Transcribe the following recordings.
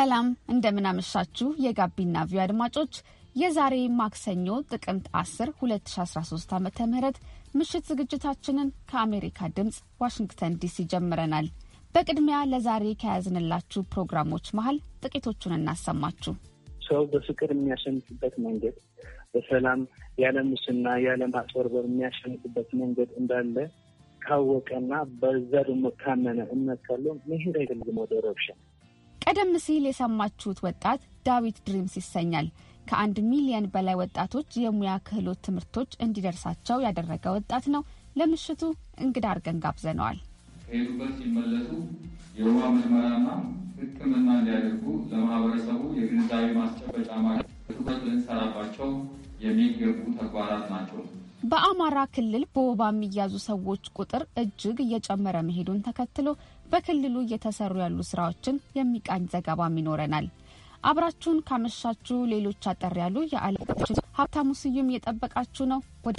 ሰላም እንደምናመሻችሁ የጋቢና ቪዮ አድማጮች የዛሬ ማክሰኞ ጥቅምት 10 2013 ዓ ም ምሽት ዝግጅታችንን ከአሜሪካ ድምፅ ዋሽንግተን ዲሲ ጀምረናል። በቅድሚያ ለዛሬ ከያዝንላችሁ ፕሮግራሞች መሀል ጥቂቶቹን እናሰማችሁ። ሰው በፍቅር የሚያሸንፍበት መንገድ፣ በሰላም ያለ ሙስና ያለ ማጭበርበር የሚያሸንፍበት መንገድ እንዳለ ካወቀና በዛ ደግሞ ካመነ እምነት ካለው መሄድ አይፈልግም ወደ ረብሻ ቀደም ሲል የሰማችሁት ወጣት ዳዊት ድሪምስ ይሰኛል። ከአንድ ሚሊየን በላይ ወጣቶች የሙያ ክህሎት ትምህርቶች እንዲደርሳቸው ያደረገ ወጣት ነው። ለምሽቱ እንግዳ አርገን ጋብዘነዋል። ከሄዱበት ሲመለሱ የውሃ ምርመራና ሕክምና እንዲያደርጉ ለማህበረሰቡ የግንዛቤ ማስጨበጫ ማለት ትኩረት ልንሰራባቸው የሚገቡ ተግባራት ናቸው። በአማራ ክልል በወባ የሚያዙ ሰዎች ቁጥር እጅግ እየጨመረ መሄዱን ተከትሎ በክልሉ እየተሰሩ ያሉ ስራዎችን የሚቃኝ ዘገባም ይኖረናል። አብራችሁን ካመሻችሁ ሌሎች አጠር ያሉ የዓለም ሀብታሙ ስዩም እየጠበቃችሁ ነው ወደ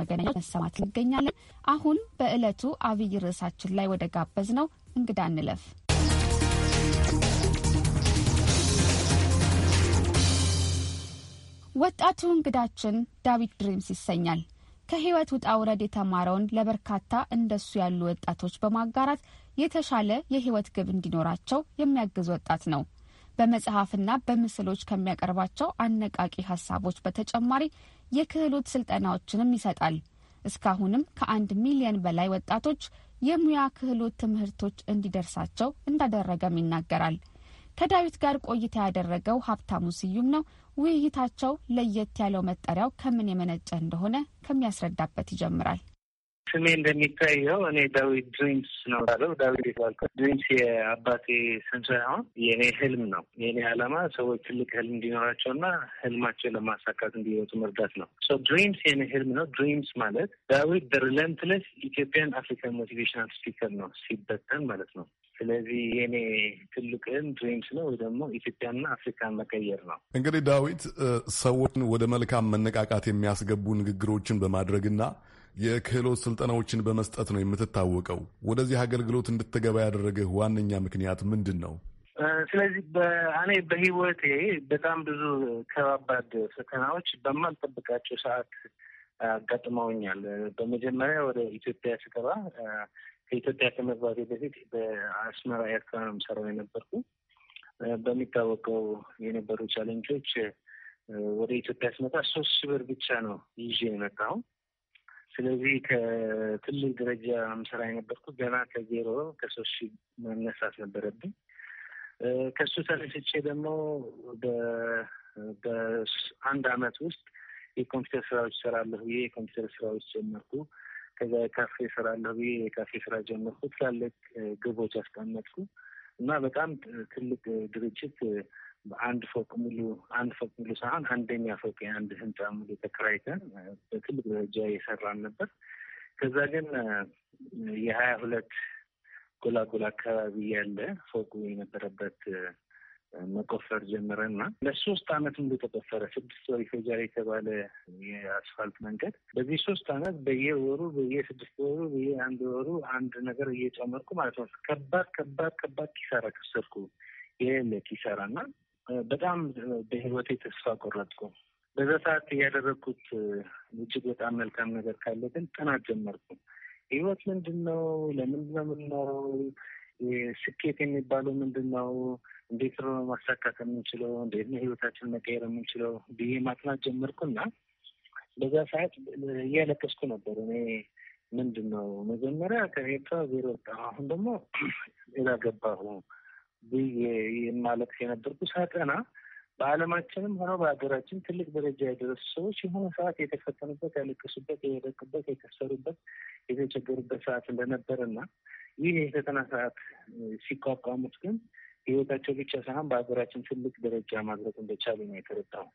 መገናኛ መሰማት እንገኛለን። አሁን በዕለቱ አብይ ርዕሳችን ላይ ወደ ጋበዝ ነው እንግዳ እንለፍ። ወጣቱ እንግዳችን ዳዊት ድሪምስ ይሰኛል። ከህይወት ውጣ ውረድ የተማረውን ለበርካታ እንደሱ ያሉ ወጣቶች በማጋራት የተሻለ የህይወት ግብ እንዲኖራቸው የሚያግዝ ወጣት ነው። በመጽሐፍና በምስሎች ከሚያቀርባቸው አነቃቂ ሀሳቦች በተጨማሪ የክህሎት ስልጠናዎችንም ይሰጣል። እስካሁንም ከአንድ ሚሊየን በላይ ወጣቶች የሙያ ክህሎት ትምህርቶች እንዲደርሳቸው እንዳደረገም ይናገራል። ከዳዊት ጋር ቆይታ ያደረገው ሀብታሙ ስዩም ነው። ውይይታቸው ለየት ያለው መጠሪያው ከምን የመነጨ እንደሆነ ከሚያስረዳበት ይጀምራል። ስሜ እንደሚታየው እኔ ዳዊት ድሪምስ ነው ባለው ዳዊት የተባልኩት ድሪምስ የአባቴ ስም ሳይሆን የእኔ ህልም ነው። የእኔ ዓላማ ሰዎች ትልቅ ህልም እንዲኖራቸው እንዲኖራቸውና ህልማቸው ለማሳካት እንዲወጡ መርዳት ነው። ሶ ድሪምስ የእኔ ህልም ነው። ድሪምስ ማለት ዳዊት በሪለንትለስ ኢትዮጵያን አፍሪካን ሞቲቬሽናል ስፒከር ነው ሲበተን ማለት ነው። ስለዚህ የኔ ትልቅም ድሪምስ ነው ወይ ደግሞ ኢትዮጵያና አፍሪካን መቀየር ነው። እንግዲህ ዳዊት ሰዎችን ወደ መልካም መነቃቃት የሚያስገቡ ንግግሮችን በማድረግና የክህሎት ስልጠናዎችን በመስጠት ነው የምትታወቀው። ወደዚህ አገልግሎት እንድትገባ ያደረገህ ዋነኛ ምክንያት ምንድን ነው? ስለዚህ እኔ በህይወቴ በጣም ብዙ ከባባድ ፈተናዎች በማልጠብቃቸው ሰዓት አጋጥመውኛል። በመጀመሪያ ወደ ኢትዮጵያ ስገባ ከኢትዮጵያ ከመግባቴ በፊት በአስመራ ኤርትራ ነው የምሰራው የነበርኩ። በሚታወቀው የነበሩ ቻለንጆች ወደ ኢትዮጵያ ስመጣ ሶስት ሺህ ብር ብቻ ነው ይዤ የመጣሁት። ስለዚህ ከትልቅ ደረጃ ምሰራ የነበርኩት ገና ከዜሮ ከሶስት ሺ መነሳት ነበረብኝ። ከሱ ተነስቼ ደግሞ በአንድ አመት ውስጥ የኮምፒውተር ስራዎች ይሰራለሁ ብዬ የኮምፒውተር ስራዎች ጀመርኩ። ከዛ የካፌ እሰራለሁ ብዬ የካፌ ስራ ጀመርኩ። ትላልቅ ግቦች አስቀመጥኩ እና በጣም ትልቅ ድርጅት አንድ ፎቅ ሙሉ አንድ ፎቅ ሙሉ ሳይሆን አንደኛ ፎቅ የአንድ ህንፃ ሙሉ ተከራይተን በትልቅ ደረጃ እየሰራን ነበር። ከዛ ግን የሀያ ሁለት ጎላጎላ አካባቢ ያለ ፎቁ የነበረበት መቆፈር ጀመረና ለሶስት አመት ሙሉ ተቆፈረ። ስድስት ወር ይፈጃል የተባለ የአስፋልት መንገድ በዚህ ሶስት አመት በየወሩ በየስድስት ወሩ በየአንድ ወሩ አንድ ነገር እየጨመርኩ ማለት ነው። ከባድ ከባድ ከባድ ኪሳራ ከሰርኩ የሌለ ኪሳራ በጣም በህይወቴ ተስፋ ቆረጥኩ። በዛ ሰዓት እያደረግኩት እጅግ በጣም መልካም ነገር ካለ ግን ጥናት ጀመርኩ። ህይወት ምንድን ነው? ለምንድን ነው የምንኖረው? ስኬት የሚባለው ምንድን ነው? እንዴት ነው ማሳካት የምንችለው? እንዴት ነው ህይወታችን መቀየር የምንችለው ብዬ ማጥናት ጀመርኩ እና በዛ ሰዓት እያለቀስኩ ነበር። እኔ ምንድን ነው መጀመሪያ ከኤርትራ ዜሮ ወጣሁ፣ አሁን ደግሞ ሌላ ገባሁ ብዬ ማለት የነበርኩ ሳጠና በዓለማችንም ሆነ በሀገራችን ትልቅ ደረጃ የደረሱ ሰዎች የሆነ ሰዓት የተፈተኑበት፣ ያለቀሱበት፣ የደቁበት፣ የከሰሩበት፣ የተቸገሩበት ሰዓት እንደነበረና ይህ የፈተና ሰዓት ሲቋቋሙት ግን ህይወታቸው ብቻ ሳይሆን በሀገራችን ትልቅ ደረጃ ማድረግ እንደቻሉ ነው የተረዳው።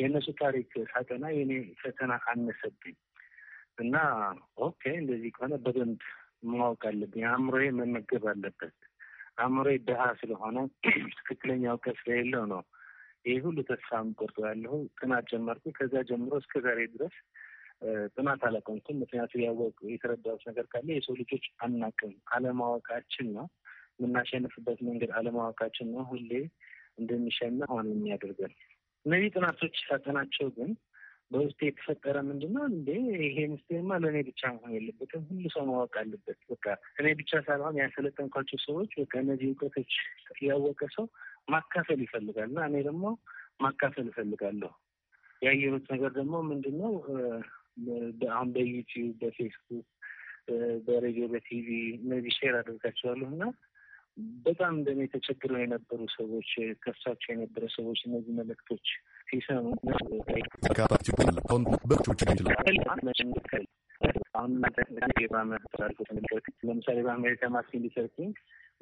የእነሱ ታሪክ ሳጠና የኔ ፈተና አነሰብኝ እና ኦኬ እንደዚህ ከሆነ በደንብ ማወቅ አለብኝ፣ አእምሮዬ መመገብ አለበት አእምሮ ድሀ ስለሆነ ትክክለኛ እውቀት ስለሌለው ነው ይህ ሁሉ ተስፋ ምቆርጦ ያለሁ። ጥናት ጀመርኩ። ከዛ ጀምሮ እስከ ዛሬ ድረስ ጥናት አላቀምኩም። ምክንያቱ ያወቁ የተረዳሁት ነገር ካለ የሰው ልጆች አናቅም፣ አለማወቃችን ነው የምናሸንፍበት መንገድ አለማወቃችን ነው ሁሌ እንደሚሸነፍ ሆነ የሚያደርገን። እነዚህ ጥናቶች ሳጠናቸው ግን በውስጥ የተፈጠረ ምንድነው እንዴ ይሄ ምስቴማ ለእኔ ብቻ መሆን የለበትም፣ ሁሉ ሰው ማወቅ አለበት። በቃ እኔ ብቻ ሳልሆን ያሰለጠንኳቸው ሰዎች በቃ እነዚህ እውቀቶች ያወቀ ሰው ማካፈል ይፈልጋል እና እኔ ደግሞ ማካፈል እፈልጋለሁ። ያየሁት ነገር ደግሞ ምንድነው አሁን በዩቲዩብ፣ በፌስቡክ፣ በሬዲዮ፣ በቲቪ እነዚህ ሼር አደርጋቸዋለሁ እና በጣም እንደኔ ተቸግረው የነበሩ ሰዎች ከሳቸው የነበረ ሰዎች እነዚህ መልእክቶች ለምሳሌ በአሜሪካ ማርቲን ሉተር ኪንግ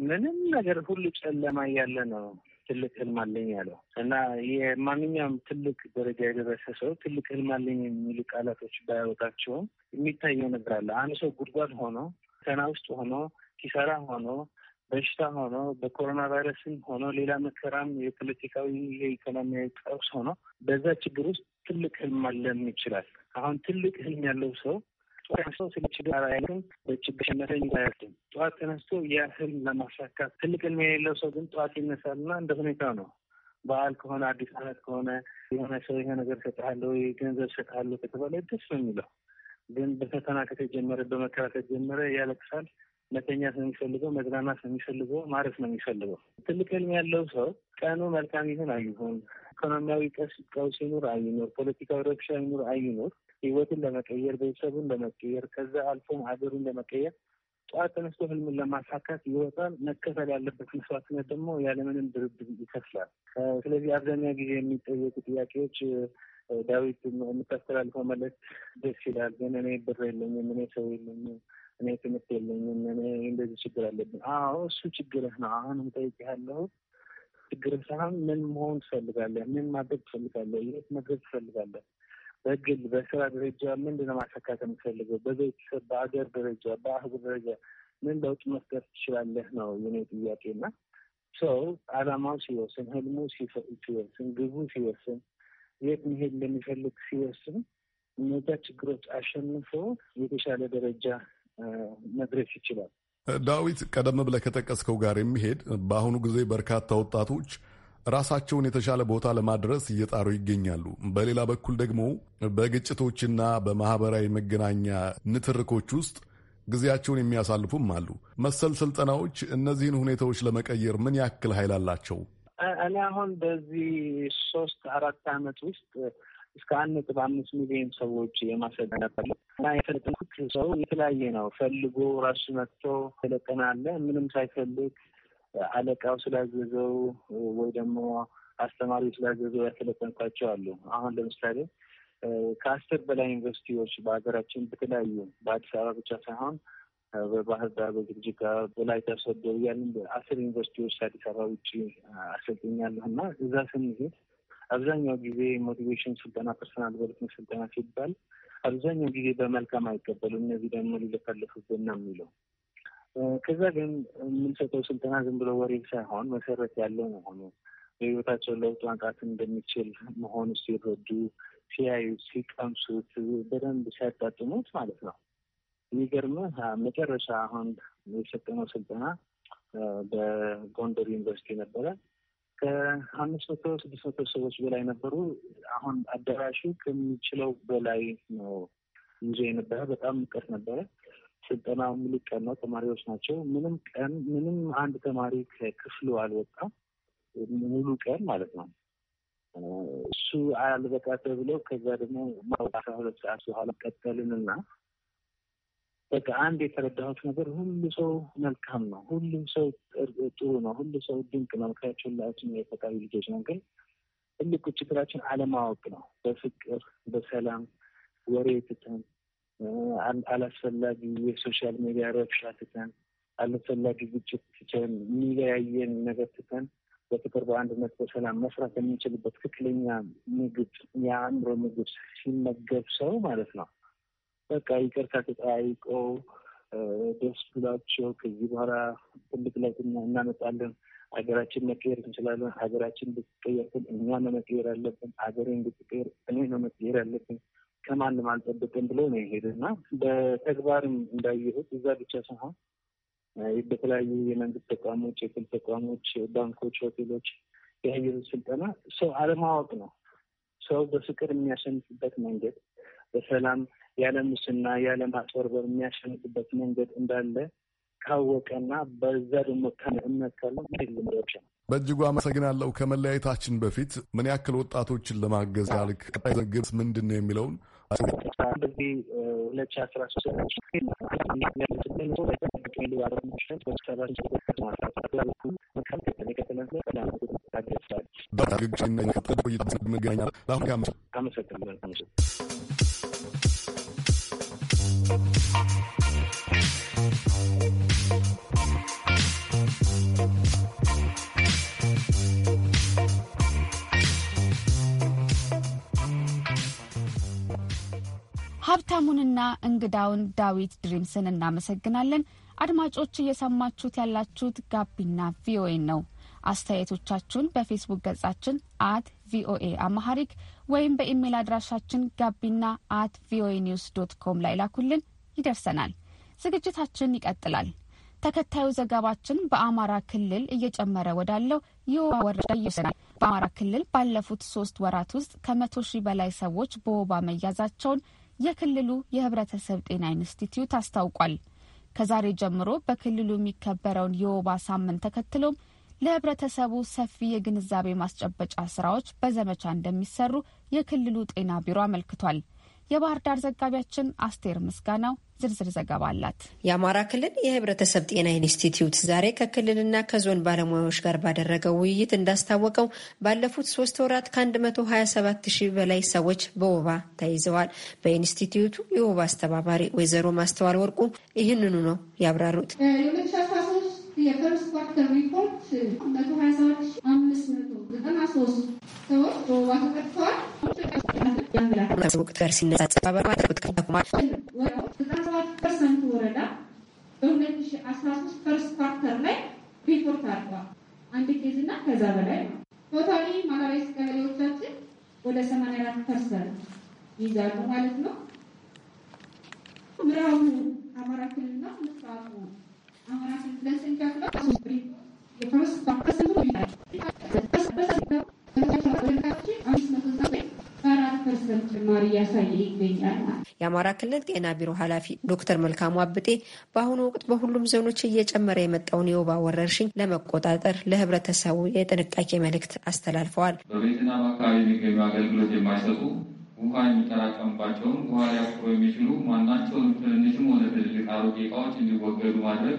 ምንም ነገር ሁሉ ጨለማ እያለ ነው ትልቅ ህልም አለኝ ያለው እና የማንኛውም ትልቅ ደረጃ የደረሰ ሰው ትልቅ ህልም አለኝ የሚሉ ቃላቶች ባያወጣቸውም የሚታየው ነገር አለ። አንድ ሰው ጉድጓድ ሆኖ ፈተና ውስጥ ሆኖ ኪሳራ ሆኖ በሽታ ሆኖ በኮሮና ቫይረስም ሆኖ ሌላ መከራም የፖለቲካዊ የኢኮኖሚያዊ ቀውስ ሆኖ በዛ ችግር ውስጥ ትልቅ ህልም አለም ይችላል። አሁን ትልቅ ህልም ያለው ሰው ጠዋት ሰው ስለ ችግር አያልም፣ በችግር ሸነፈኝ አያልም። ጠዋት ተነስቶ ያ ህልም ለማሳካት ትልቅ ህልም የሌለው ሰው ግን ጠዋት ይነሳልና እንደ ሁኔታ ነው። በዓል ከሆነ አዲስ ዓመት ከሆነ የሆነ ሰው ይሄ ነገር እሰጥሃለሁ፣ ገንዘብ እሰጥሃለሁ ከተባለ ደስ ነው የሚለው። ግን በፈተና ከተጀመረ በመከራ ከተጀመረ ያለቅሳል። መተኛት ነው የሚፈልገው፣ መዝናናት ነው የሚፈልገው፣ ማረፍ ነው የሚፈልገው። ትልቅ ህልም ያለው ሰው ቀኑ መልካም ይሁን አይሁን፣ ኢኮኖሚያዊ ቀውስ ይኑር አይኑር፣ ፖለቲካዊ ረብሻ ይኑር አይኑር፣ ህይወትን ለመቀየር ቤተሰቡን ለመቀየር ከዛ አልፎም ሀገሩን ለመቀየር ጠዋት ተነስቶ ህልምን ለማሳካት ይወጣል። መከፈል ያለበት መስዋዕትነት ደግሞ ያለምንም ድርድር ይከፍላል። ስለዚህ አብዛኛው ጊዜ የሚጠየቁ ጥያቄዎች ዳዊት የምታስተላልፈው መልዕክት ደስ ይላል፣ ግን እኔ ብር የለኝም፣ እኔ ሰው የለኝም እኔ ትምህርት የለኝም እንደዚህ ችግር አለብን። አዎ እሱ ችግርህ ነው። አሁንም ጠይቅ ያለው ችግርህ ሳይሆን ምን መሆን ትፈልጋለህ? ምን ማድረግ ትፈልጋለህ? የት መድረግ ትፈልጋለህ? በግል በስራ ደረጃ ምንድነው ማሳካት የምትፈልገው? በቤተሰብ በአገር ደረጃ በአህጉር ደረጃ ምን ለውጥ መፍጠር ትችላለህ ነው የኔ ጥያቄ። እና ሰው አላማው ሲወስን፣ ህልሙ ሲወስን፣ ግቡ ሲወስን፣ የት መሄድ እንደሚፈልግ ሲወስን እነዚያ ችግሮች አሸንፎ የተሻለ ደረጃ መድረስ ይችላል። ዳዊት፣ ቀደም ብለህ ከጠቀስከው ጋር የሚሄድ በአሁኑ ጊዜ በርካታ ወጣቶች ራሳቸውን የተሻለ ቦታ ለማድረስ እየጣሩ ይገኛሉ። በሌላ በኩል ደግሞ በግጭቶችና በማህበራዊ መገናኛ ንትርኮች ውስጥ ጊዜያቸውን የሚያሳልፉም አሉ። መሰል ስልጠናዎች እነዚህን ሁኔታዎች ለመቀየር ምን ያክል ኃይል አላቸው? እኔ አሁን በዚህ ሶስት አራት ዓመት ውስጥ እስከ አንድ ነጥብ አምስት ሚሊዮን ሰዎች የማሰልጠናት እና የሰለጠንኩት ሰው የተለያየ ነው። ፈልጎ ራሱ መጥቶ ሰለጠና አለ። ምንም ሳይፈልግ አለቃው ስላዘዘው ወይ ደግሞ አስተማሪው ስላዘዘው ያሰለጠንኳቸው አሉ። አሁን ለምሳሌ ከአስር በላይ ዩኒቨርሲቲዎች በሀገራችን በተለያዩ በአዲስ አበባ ብቻ ሳይሆን በባህር ዳር፣ በጅግጅጋ፣ በወላይታ ሰዶ እያልን አስር ዩኒቨርሲቲዎች አዲስ አበባ ውጭ አሰልጥኛለሁ እና እዛ ስንሄድ አብዛኛው ጊዜ ሞቲቬሽን ስልጠና፣ ፐርሰናል ዲቨሎፕመንት ስልጠና ሲባል አብዛኛው ጊዜ በመልካም አይቀበሉም። እነዚህ ደግሞ ሊለፈልፉብን ነው የሚለው። ከዛ ግን የምንሰጠው ስልጠና ዝም ብሎ ወሬ ሳይሆን መሰረት ያለው መሆኑ በህይወታቸው ለውጥ ማምጣት እንደሚችል መሆኑ ሲረዱ፣ ሲያዩት፣ ሲቀምሱት በደንብ ሲያጣጥሙት ማለት ነው። የሚገርምህ መጨረሻ አሁን የሰጠነው ስልጠና በጎንደር ዩኒቨርሲቲ ነበረ። ከአምስት መቶ ስድስት መቶ ሰዎች በላይ ነበሩ። አሁን አዳራሹ ከሚችለው በላይ ነው ይዞ የነበረ በጣም ሙቀት ነበረ። ስልጠና ሙሉ ቀን ነው። ተማሪዎች ናቸው። ምንም ቀን ምንም አንድ ተማሪ ከክፍሉ አልወጣም። ሙሉ ቀን ማለት ነው። እሱ አልበቃ ተብለው ከዛ ደግሞ አስራ ሁለት ሰዓት በኋላ ቀጠልንና በቃ አንድ የተረዳሁት ነገር ሁሉ ሰው መልካም ነው፣ ሁሉም ሰው ጥሩ ነው፣ ሁሉ ሰው ድንቅ ነው። ምክንያቱም ሁላችን የፈጣሪ ልጆች ነው። ግን ትልቁ ችግራችን አለማወቅ ነው። በፍቅር በሰላም ወሬ ትተን፣ አላስፈላጊ የሶሻል ሚዲያ ረብሻ ትተን፣ አላስፈላጊ ግጭት ትተን፣ የሚለያየን ነገር ትተን በፍቅር በአንድነት በሰላም መስራት የምንችልበት ትክክለኛ ምግብ የአእምሮ ምግብ ሲመገብ ሰው ማለት ነው በቃ ይቅርታ ተጠያይቀው ደስ ብሏቸው ከዚህ በኋላ ትልቅ ላይ እናመጣለን፣ ሀገራችን መቀየር እንችላለን፣ ሀገራችን ብትቀየርትን እኛ ነው መቀየር ያለብን፣ ሀገሬ እንድትቀየር እኔ ነው መቀየር ያለብን ከማንም አልጠብቅም ብሎ ነው የሄደና በተግባርም እንዳየሁት እዛ ብቻ ሳይሆን በተለያዩ የመንግስት ተቋሞች፣ የግል ተቋሞች፣ ባንኮች፣ ሆቴሎች ያየሁት ስልጠና ሰው አለማወቅ ነው። ሰው በፍቅር የሚያሸንፍበት መንገድ በሰላም ያለ ሙስና ያለ ማጭበርበር የሚያሸንፍበት መንገድ እንዳለ ካወቀና በዛ ደግሞ እምነት ካለ ነው። በእጅጉ አመሰግናለሁ። ከመለያየታችን በፊት ምን ያክል ወጣቶችን ለማገዝ ያልክ ቀጣይ ዘግብስ ምንድን ነው የሚለውን እንደዚህ ሁለት ሺ አስራ ሶስት ሀብታሙንና እንግዳውን ዳዊት ድሪምስን እናመሰግናለን። አድማጮች እየሰማችሁት ያላችሁት ጋቢና ቪኦኤ ነው። አስተያየቶቻችሁን በፌስቡክ ገጻችን አት ቪኦኤ አማሐሪክ ወይም በኢሜይል አድራሻችን ጋቢና አት ቪኦኤ ኒውስ ዶት ኮም ላይ ላኩልን፣ ይደርሰናል። ዝግጅታችን ይቀጥላል። ተከታዩ ዘገባችን በአማራ ክልል እየጨመረ ወዳለው የወባ ወረዳ ይወስደናል። በአማራ ክልል ባለፉት ሶስት ወራት ውስጥ ከመቶ ሺህ በላይ ሰዎች በወባ መያዛቸውን የክልሉ የህብረተሰብ ጤና ኢንስቲትዩት አስታውቋል። ከዛሬ ጀምሮ በክልሉ የሚከበረውን የወባ ሳምንት ተከትሎም ለህብረተሰቡ ሰፊ የግንዛቤ ማስጨበጫ ስራዎች በዘመቻ እንደሚሰሩ የክልሉ ጤና ቢሮ አመልክቷል። የባህር ዳር ዘጋቢያችን አስቴር ምስጋናው ዝርዝር ዘገባ አላት። የአማራ ክልል የህብረተሰብ ጤና ኢንስቲትዩት ዛሬ ከክልልና ከዞን ባለሙያዎች ጋር ባደረገው ውይይት እንዳስታወቀው ባለፉት ሶስት ወራት ከ127 ሺህ በላይ ሰዎች በወባ ተይዘዋል። በኢንስቲትዩቱ የወባ አስተባባሪ ወይዘሮ ማስተዋል ወርቁ ይህንኑ ነው ያብራሩት። የፈርስት ኳርተር ሪፖርት መቶ ሀያ ሰባት አምስት መቶ ዘጠና ሶስት ሰዎች በወባ ተጠቅተዋል። ወቅት ጋር ሲነጻጸር ፐርሰንት ወረዳ በሁለት ሺ አስራ ሶስት ፈርስት ኳርተር ላይ ሪፖርት አድርገዋል። አንድ ኬዝ እና ከዛ በላይ ነው። ቶታሊ ማላሪያ ቀበሌዎቻችን ወደ ሰማንያ አራት ፐርሰንት ይይዛሉ ማለት ነው። ምዕራቡ አማራ ክልልና ምስራቁ የአማራ ክልል ጤና ቢሮ ኃላፊ ዶክተር መልካሙ አብጤ በአሁኑ ወቅት በሁሉም ዞኖች እየጨመረ የመጣውን የወባ ወረርሽኝ ለመቆጣጠር ለህብረተሰቡ የጥንቃቄ መልእክት አስተላልፈዋል። በቤትና በአካባቢ የሚገኙ አገልግሎት የማይሰጡ ውሃ የሚጠራቀምባቸውን ውሃ ሊያፍሩ የሚችሉ ማናቸውን ትንንሽም ሆነ ትልልቅ አሮጌ እቃዎች እንዲወገዱ ማድረግ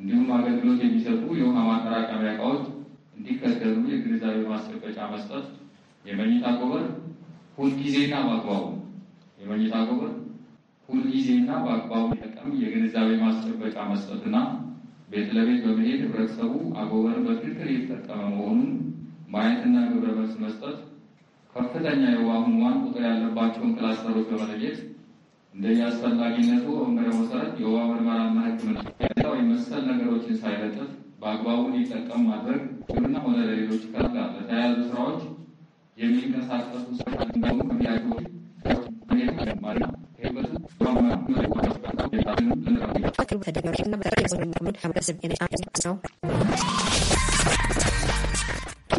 እንዲሁም አገልግሎት የሚሰጡ የውሃ ማጠራቀሚያ እቃዎች እንዲከተሉ የግንዛቤ ማስጨበጫ መስጠት፣ የመኝታ አጎበር ሁልጊዜና በአግባቡ የመኝታ አጎበር ሁልጊዜና በአግባቡ ጠቀም የግንዛቤ ማስጨበጫ መስጠትና ቤት ለቤት በመሄድ ህብረተሰቡ አጎበርን በትክክል የተጠቀመ መሆኑን ማየትና ግብረ መልስ መስጠት ከፍተኛ የዋህ ህሙማን ቁጥር ያለባቸውን ክላስተሮች በመለየት እንደየአስፈላጊነቱ በመመሪያ መሰረት የውሃ ምርመራና ሕክምና መሰል ነገሮችን ሳይለጥፍ በአግባቡ ሊጠቀም ማድረግ ግብርና ሆነ ለሌሎች ከላ ለተያያዙ ስራዎች የሚንቀሳቀሱ ሰዎች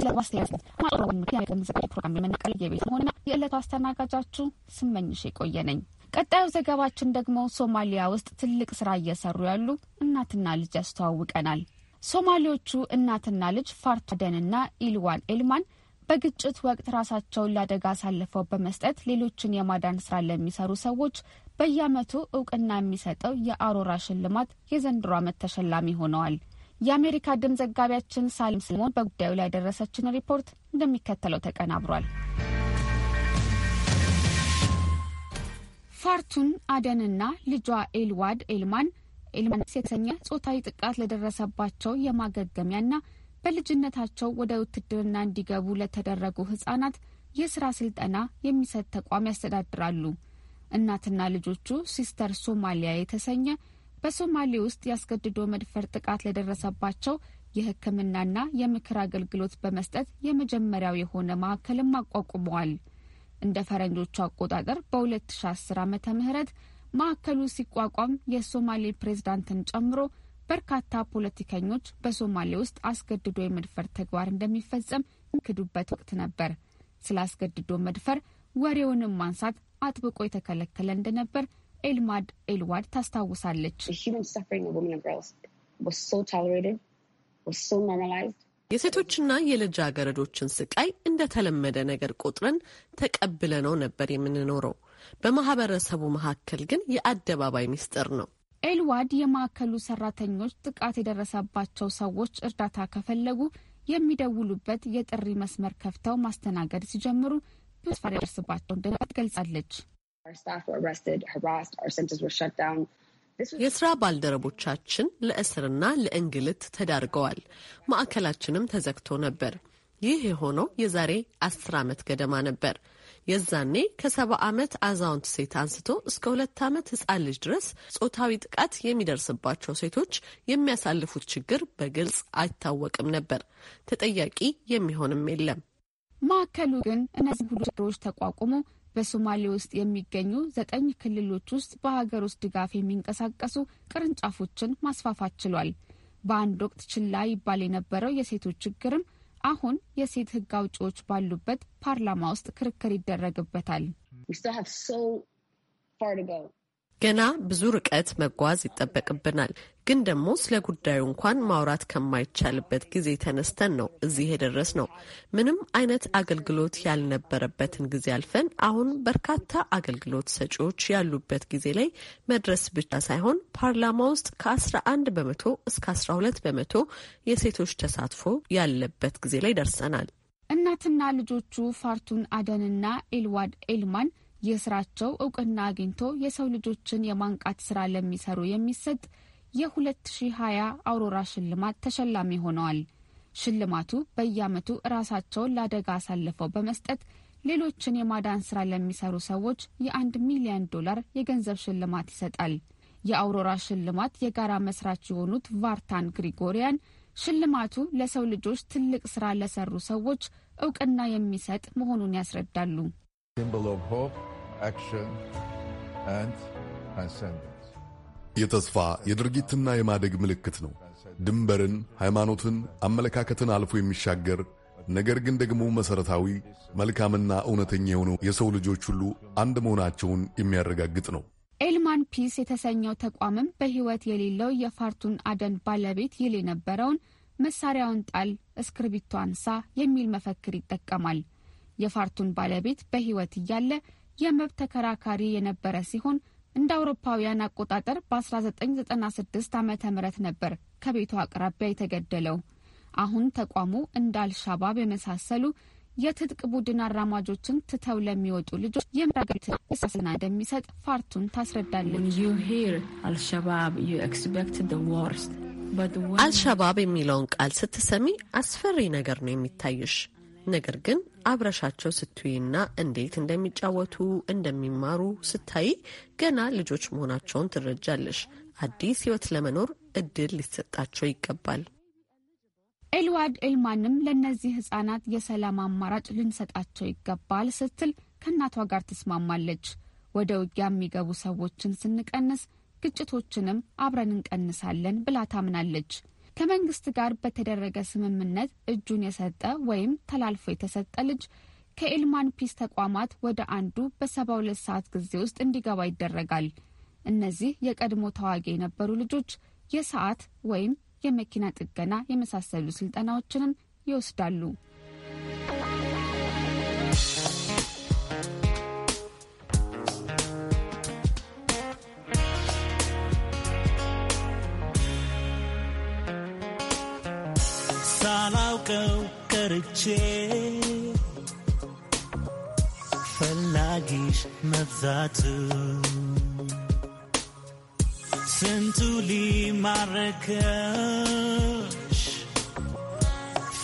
ለባ አስተያየት ማቅረቡን ምክንያት ፕሮግራም የቤት መሆንና የዕለቱ አስተናጋጃችሁ ስመኝሽ የቆየ ነኝ። ቀጣዩ ዘገባችን ደግሞ ሶማሊያ ውስጥ ትልቅ ስራ እየሰሩ ያሉ እናትና ልጅ ያስተዋውቀናል። ሶማሌዎቹ እናትና ልጅ ፋርታደንና ኢልዋን ኤልማን በግጭት ወቅት ራሳቸውን ለአደጋ አሳልፈው በመስጠት ሌሎችን የማዳን ስራ ለሚሰሩ ሰዎች በየዓመቱ እውቅና የሚሰጠው የአሮራ ሽልማት የዘንድሮ ዓመት ተሸላሚ ሆነዋል። የአሜሪካ ድምፅ ዘጋቢያችን ሳሊም ሲሞን በጉዳዩ ላይ ያደረሰችን ሪፖርት እንደሚከተለው ተቀናብሯል። ፋርቱን አደንና ልጇ ኤልዋድ ኤልማን ኤልማንስ የተሰኘ ጾታዊ ጥቃት ለደረሰባቸው የማገገሚያና በልጅነታቸው ወደ ውትድርና እንዲገቡ ለተደረጉ ህጻናት የስራ ስልጠና የሚሰጥ ተቋም ያስተዳድራሉ። እናትና ልጆቹ ሲስተር ሶማሊያ የተሰኘ በሶማሌ ውስጥ ያስገድዶ መድፈር ጥቃት ለደረሰባቸው የሕክምናና የምክር አገልግሎት በመስጠት የመጀመሪያው የሆነ ማዕከልም አቋቁመዋል። እንደ ፈረንጆቹ አቆጣጠር በ2010 ዓ ም ማዕከሉ ሲቋቋም የሶማሌ ፕሬዝዳንትን ጨምሮ በርካታ ፖለቲከኞች በሶማሌ ውስጥ አስገድዶ የመድፈር ተግባር እንደሚፈጸም ክዱበት ወቅት ነበር። ስለ አስገድዶ መድፈር ወሬውንም ማንሳት አጥብቆ የተከለከለ እንደነበር ኤልማድ ኤልዋድ ታስታውሳለች። የሴቶችና የልጃገረዶችን ስቃይ እንደተለመደ ነገር ቆጥረን ተቀብለነው ነበር የምንኖረው። በማህበረሰቡ መካከል ግን የአደባባይ ሚስጥር ነው። ኤልዋድ የማዕከሉ ሰራተኞች ጥቃት የደረሰባቸው ሰዎች እርዳታ ከፈለጉ የሚደውሉበት የጥሪ መስመር ከፍተው ማስተናገድ ሲጀምሩ ብዙ ደርስባቸው እንደ ገልጻለች። የስራ ባልደረቦቻችን ለእስርና ለእንግልት ተዳርገዋል። ማዕከላችንም ተዘግቶ ነበር። ይህ የሆነው የዛሬ አስር ዓመት ገደማ ነበር። የዛኔ ከሰባ ዓመት አዛውንት ሴት አንስቶ እስከ ሁለት ዓመት ህፃን ልጅ ድረስ ጾታዊ ጥቃት የሚደርስባቸው ሴቶች የሚያሳልፉት ችግር በግልጽ አይታወቅም ነበር። ተጠያቂ የሚሆንም የለም። ማዕከሉ ግን እነዚህ ሁሉ ችግሮች ተቋቁሞ በሶማሌ ውስጥ የሚገኙ ዘጠኝ ክልሎች ውስጥ በሀገር ውስጥ ድጋፍ የሚንቀሳቀሱ ቅርንጫፎችን ማስፋፋት ችሏል። በአንድ ወቅት ችላ ይባል የነበረው የሴቶች ችግርም አሁን የሴት ሕግ አውጪዎች ባሉበት ፓርላማ ውስጥ ክርክር ይደረግበታል። ገና ብዙ ርቀት መጓዝ ይጠበቅብናል። ግን ደግሞ ስለ ጉዳዩ እንኳን ማውራት ከማይቻልበት ጊዜ ተነስተን ነው እዚህ የደረስ ነው። ምንም አይነት አገልግሎት ያልነበረበትን ጊዜ አልፈን አሁን በርካታ አገልግሎት ሰጪዎች ያሉበት ጊዜ ላይ መድረስ ብቻ ሳይሆን ፓርላማ ውስጥ ከ11 በመቶ እስከ 12 በመቶ የሴቶች ተሳትፎ ያለበት ጊዜ ላይ ደርሰናል። እናትና ልጆቹ ፋርቱን አደንና ኤልዋድ ኤልማን ይህ ስራቸው እውቅና አግኝቶ የሰው ልጆችን የማንቃት ስራ ለሚሰሩ የሚሰጥ የ2020 አውሮራ ሽልማት ተሸላሚ ሆነዋል። ሽልማቱ በየዓመቱ ራሳቸውን ለአደጋ አሳልፈው በመስጠት ሌሎችን የማዳን ስራ ለሚሰሩ ሰዎች የአንድ ሚሊዮን ዶላር የገንዘብ ሽልማት ይሰጣል። የአውሮራ ሽልማት የጋራ መስራች የሆኑት ቫርታን ግሪጎሪያን ሽልማቱ ለሰው ልጆች ትልቅ ስራ ለሰሩ ሰዎች እውቅና የሚሰጥ መሆኑን ያስረዳሉ። symbol of hope, action, and transcendence. የተስፋ የድርጊትና የማደግ ምልክት ነው። ድንበርን፣ ሃይማኖትን፣ አመለካከትን አልፎ የሚሻገር ነገር ግን ደግሞ መሠረታዊ መልካምና እውነተኛ የሆነው የሰው ልጆች ሁሉ አንድ መሆናቸውን የሚያረጋግጥ ነው። ኤልማን ፒስ የተሰኘው ተቋምም በሕይወት የሌለው የፋርቱን አደን ባለቤት ይል የነበረውን መሳሪያውን ጣል፣ እስክርቢቶ አንሳ የሚል መፈክር ይጠቀማል። የፋርቱን ባለቤት በህይወት እያለ የመብት ተከራካሪ የነበረ ሲሆን እንደ አውሮፓውያን አቆጣጠር በ1996 ዓ ም ነበር ከቤቱ አቅራቢያ የተገደለው። አሁን ተቋሙ እንደ አልሻባብ የመሳሰሉ የትጥቅ ቡድን አራማጆችን ትተው ለሚወጡ ልጆች የምራገት ስና እንደሚሰጥ ፋርቱን ታስረዳለች። አልሻባብ የሚለውን ቃል ስትሰሚ አስፈሪ ነገር ነው የሚታይሽ። ነገር ግን አብረሻቸው ስትይና እንዴት እንደሚጫወቱ እንደሚማሩ ስታይ ገና ልጆች መሆናቸውን ትረጃለሽ። አዲስ ህይወት ለመኖር እድል ሊሰጣቸው ይገባል። ኤልዋድ ኤልማንም ለእነዚህ ህጻናት የሰላም አማራጭ ልንሰጣቸው ይገባል ስትል ከእናቷ ጋር ትስማማለች። ወደ ውጊያ የሚገቡ ሰዎችን ስንቀንስ ግጭቶችንም አብረን እንቀንሳለን ብላ ታምናለች። ከመንግስት ጋር በተደረገ ስምምነት እጁን የሰጠ ወይም ተላልፎ የተሰጠ ልጅ ከኤልማን ፒስ ተቋማት ወደ አንዱ በሰባ ሁለት ሰዓት ጊዜ ውስጥ እንዲገባ ይደረጋል። እነዚህ የቀድሞ ተዋጊ የነበሩ ልጆች የሰዓት ወይም የመኪና ጥገና የመሳሰሉ ስልጠናዎችንም ይወስዳሉ። ሳላውቀው ቀርቼ ፈላጊሽ መብዛቱ ስንቱ ሊማረከሽ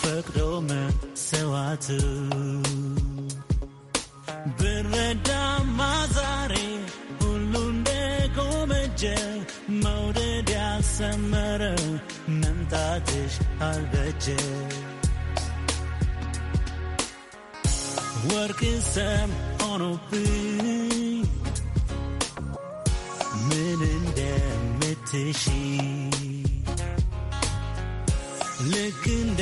ፈቅዶ መሰዋቱ ብረዳማ ዛሬ وجه مورد ያሰመረው መምጣትሽ አልበጀ ወርቅ ሰም ሆኖብኝ ምን እንደምትሺ ልክ እንደ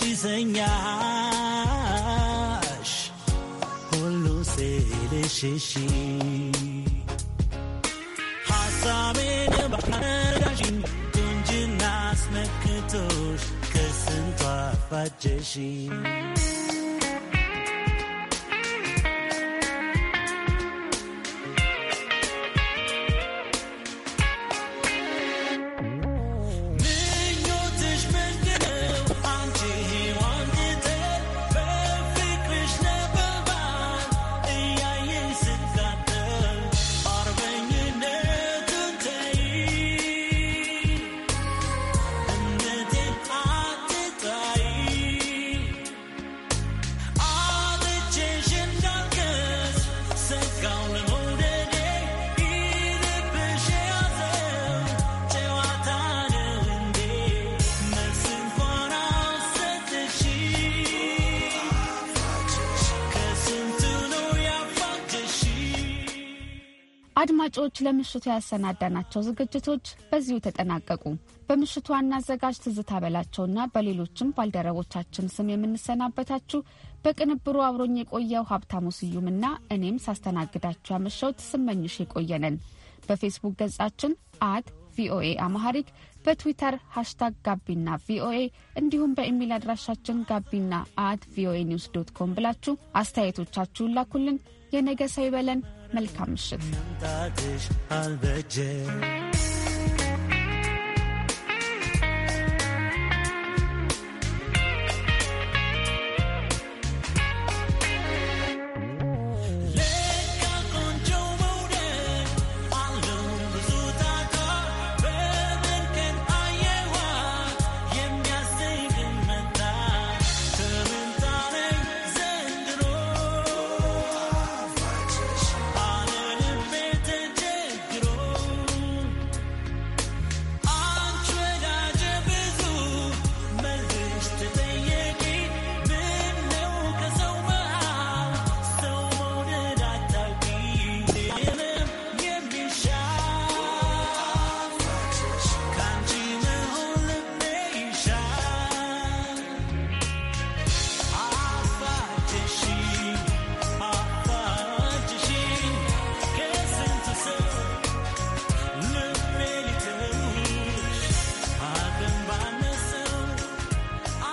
ጭሰኛሽ ሁሉ ሴልሽሺ 发真心。አድማጮች ለምሽቱ ያሰናዳናቸው ዝግጅቶች በዚሁ ተጠናቀቁ። በምሽቱ ዋና አዘጋጅ ትዝታ በላቸውና በሌሎችም ባልደረቦቻችን ስም የምንሰናበታችሁ በቅንብሩ አብሮኝ የቆየው ሀብታሙ ስዩምና እኔም ሳስተናግዳችሁ ያመሸሁት ስመኝሽ የቆየነን። በፌስቡክ ገጻችን አት ቪኦኤ አማሐሪክ በትዊተር ሃሽታግ ጋቢና ቪኦኤ እንዲሁም በኢሜይል አድራሻችን ጋቢና አት ቪኦኤ ኒውስ ዶት ኮም ብላችሁ አስተያየቶቻችሁን ላኩልን። የነገ ሰው ይበለን። መልካም ምሽት።